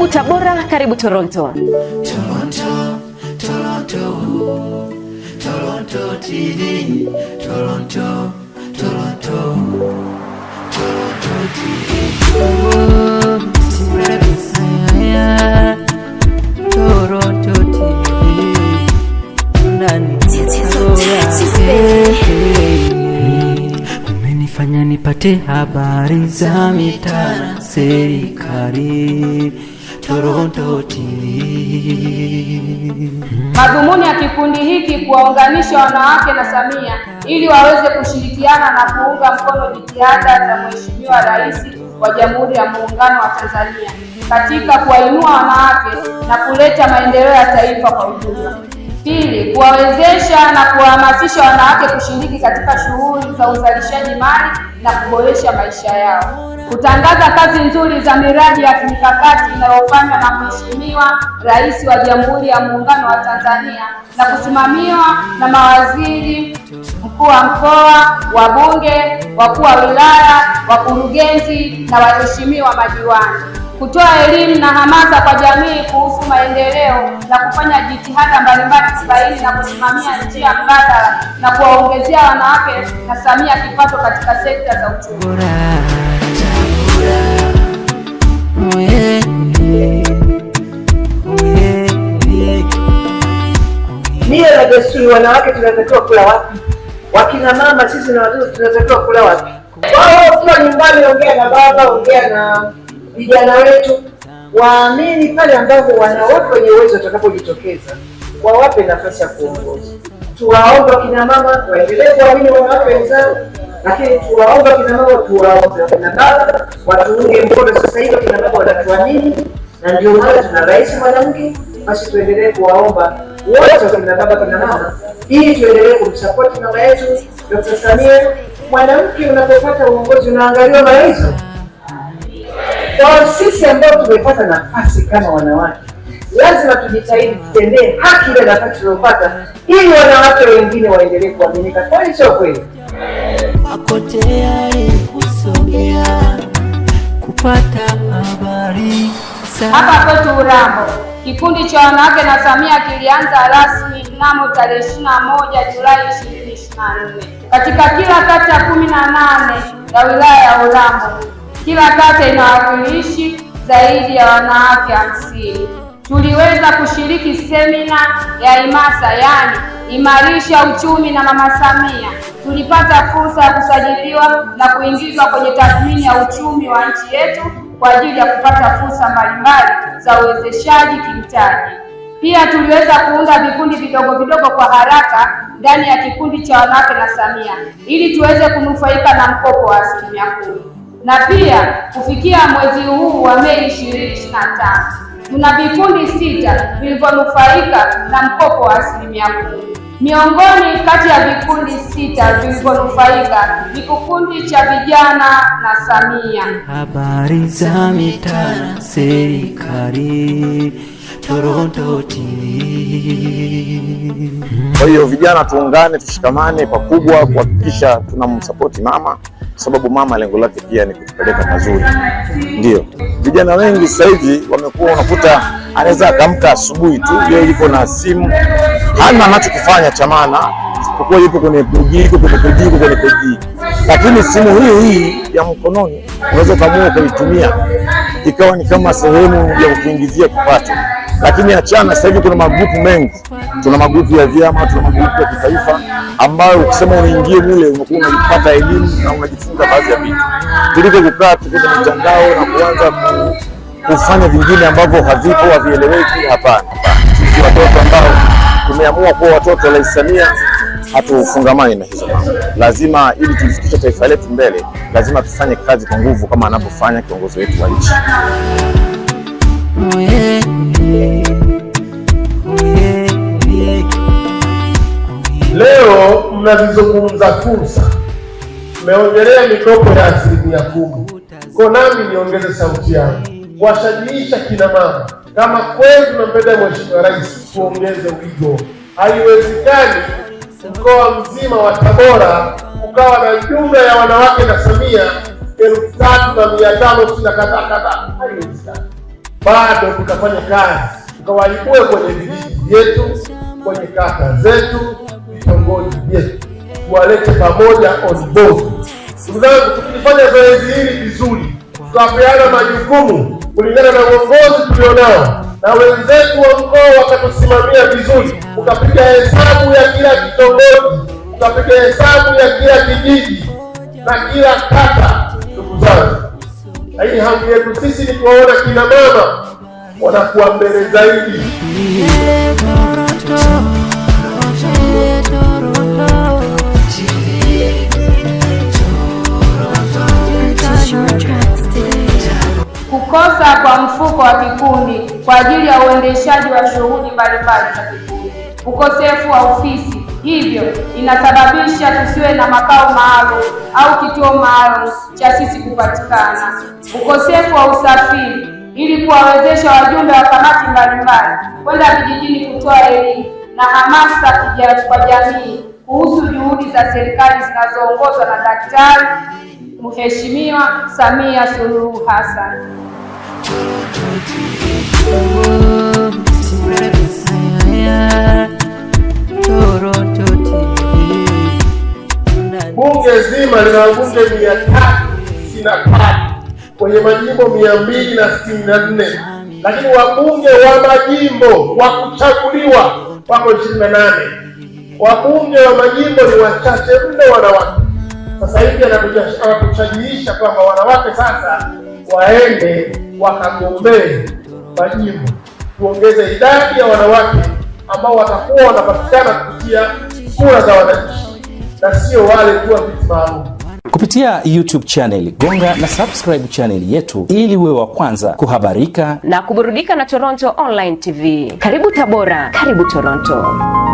Karibu Tabora, karibu Toronto. Toronto, Toronto, Toronto TV, Toronto, Toronto, Toronto TV. Umenifanya nipate habari za mitaa serikali Toronto TV. Madhumuni ya kikundi hiki kuwaunganisha wanawake na Samia ili waweze kushirikiana na kuunga mkono jitihada za Mheshimiwa Rais wa Jamhuri ya Muungano wa Tanzania katika kuwainua wanawake na kuleta maendeleo ya taifa kwa ujumla. Pili, kuwawezesha na kuwahamasisha wanawake kushiriki katika shughuli za uzalishaji mali na kuboresha maisha yao. Kutangaza kazi nzuri za miradi ya kimikakati inayofanywa na Mheshimiwa Rais wa Jamhuri ya Muungano wa Tanzania na kusimamiwa na mawaziri, mkuu wa mkoa, wabunge, wakuu wa wilaya, wakurugenzi na waheshimiwa madiwani kutoa elimu na hamasa kwa jamii kuhusu maendeleo na kufanya jitihada mbalimbali stahili na kusimamia njia mbadala na kuwaongezea wanawake na Samia kipato katika sekta za uchumi. Mila na desturi, wanawake tunatakiwa kula wapi? Wakina mama sisi na watoto tunatakiwa kula wapi? Wao ukiwa nyumbani, ongea na baba, ongea na vijana wetu waamini pale ambapo wanawake wenye uwezo watakapojitokeza, wawape nafasi ya kuongoza. Tuwaombe wakina mama waendelee kuamini wanawake wenzao, lakini tuwaombe wakina mama, tuwaombe wakina baba watuunge mkono. Sasa hivi wakina baba wanatuamini na ndio maana tuna rais mwanamke. Basi tuendelee kuwaomba wote wakina baba, kina mama, ili tuendelee kumsapoti mama yetu Dr. Samia. Mwanamke unapopata uongozi unaangaliwa malaizo kwa sisi ambao tumepata nafasi kama wanawake, lazima tujitahidi tutendee haki ile nafasi tuliyopata, ili wanawake wengine waendelee kuaminika. Kwani sio kweli? Makotea e kusogea kupata habari hapa kwetu Urambo, kikundi cha wanawake na Samia kilianza rasmi mnamo tarehe 21 Julai 2024 katika kila kata kumi na nane ya wilaya ya Urambo. Kila kata ina wakilishi zaidi ya wanawake hamsini. Tuliweza kushiriki semina ya IMASA, yaani imarisha uchumi na Mama Samia. Tulipata fursa ya kusajiliwa na kuingizwa kwenye tathmini ya uchumi wa nchi yetu kwa ajili ya kupata fursa mbalimbali za uwezeshaji kimtaji. Pia tuliweza kuunda vikundi vidogo vidogo kwa haraka ndani ya kikundi cha wanawake na Samia ili tuweze kunufaika na mkopo wa asilimia kumi na pia kufikia mwezi huu wa Mei 2025 tuna vikundi sita vilivyonufaika na mkopo wa asilimia kumi. Miongoni kati ya vikundi sita vilivyonufaika ni kikundi cha vijana na Samia. Habari za mitaa serikali, Toronto TV. Kwa hiyo vijana tuungane, tushikamane pakubwa kuhakikisha tunamsapoti mama sababu mama lengo lake pia ni kutupeleka mazuri. Ndio vijana wengi sasa hivi wamekuwa, unakuta anaweza akamka asubuhi tu, yeye yuko na simu, hana anachokifanya cha maana isipokuwa yuko kwenye peji, yuko kwenye peji, yuko kwenye peji. Lakini simu hii hii ya mkononi unaweza kamua kuitumia ikawa ni kama sehemu ya kuingizia kipato. Lakini achana, sasa hivi kuna magrupu mengi, tuna magrupu ya vyama, tuna magrupu ya kitaifa ambayo ukisema unaingia mule unakuwa unajipata elimu na unajifunza baadhi ya vitu, kuliko kukaa tu kwenye mitandao na kuanza kufanya vingine ambavyo havipo, havieleweki. Hapana, sisi watoto ambao tumeamua kuwa watoto wa Rais Samia hatufungamani na hizo mambo. Lazima ili tulifikisha taifa letu mbele, lazima tufanye kazi kwa nguvu kama anavyofanya kiongozi wetu wa nchi. Leo mnazizungumza fursa, mmeongelea mikopo ya asilimia kumi, ko nami niongeze sauti yangu kuwashajiisha kina mama, kama kweli tunampenda Mheshimiwa Rais, tuongeze wigo. Haiwezekani mkoa mzima wa Tabora ukawa na jumla ya wanawake na Samia elfu tatu na mia tano sitini kadhaa kadhaa, haiwezekani. Bado tukafanya kazi tukawaibue kwenye vijiji vyetu, kwenye kata zetu vitongoji vyetu, tuwalete pamoja on board. Ndugu zangu, tukifanya zoezi hili vizuri, tukapeana majukumu kulingana na uongozi tulionao na wenzetu wa mkoa wakatusimamia vizuri, ukapiga hesabu ya kila kitongoji, ukapiga hesabu ya kila kijiji na kila kata. Ndugu zangu, lakini hamu yetu sisi ni kuwaona kina mama wanakuwa mbele zaidi. Kutoka kwa mfuko wa kikundi kwa ajili ya uendeshaji wa shughuli mbalimbali za kikundi. Ukosefu wa ofisi hivyo inasababisha tusiwe na makao maalum au kituo maalum cha sisi kupatikana. Ukosefu wa usafiri ili kuwawezesha wajumbe wa kamati mbalimbali kwenda vijijini kutoa elimu na hamasa kwa jamii kuhusu juhudi za serikali zinazoongozwa na Daktari Mheshimiwa Samia Suluhu Hassan. Bunge zima lina wabunge mia tatu sitini na tatu kwenye majimbo mia mbili na sitini na nne lakini wabunge wa majimbo wa kuchaguliwa wako ishirini na nane Wabunge wa majimbo ni wachache mno wanawake. Sasa hivi anakuchajiisha kwamba wanawake sasa waende wakagombee majimbo kuongeza idadi ya wanawake ambao watakuwa wanapatikana kupitia kura za wananchi na sio wale kuwa viti maalum kupitia YouTube channel gonga na subscribe channel yetu ili uwe wa kwanza kuhabarika na kuburudika na Toronto Online TV. Karibu Tabora, karibu Toronto.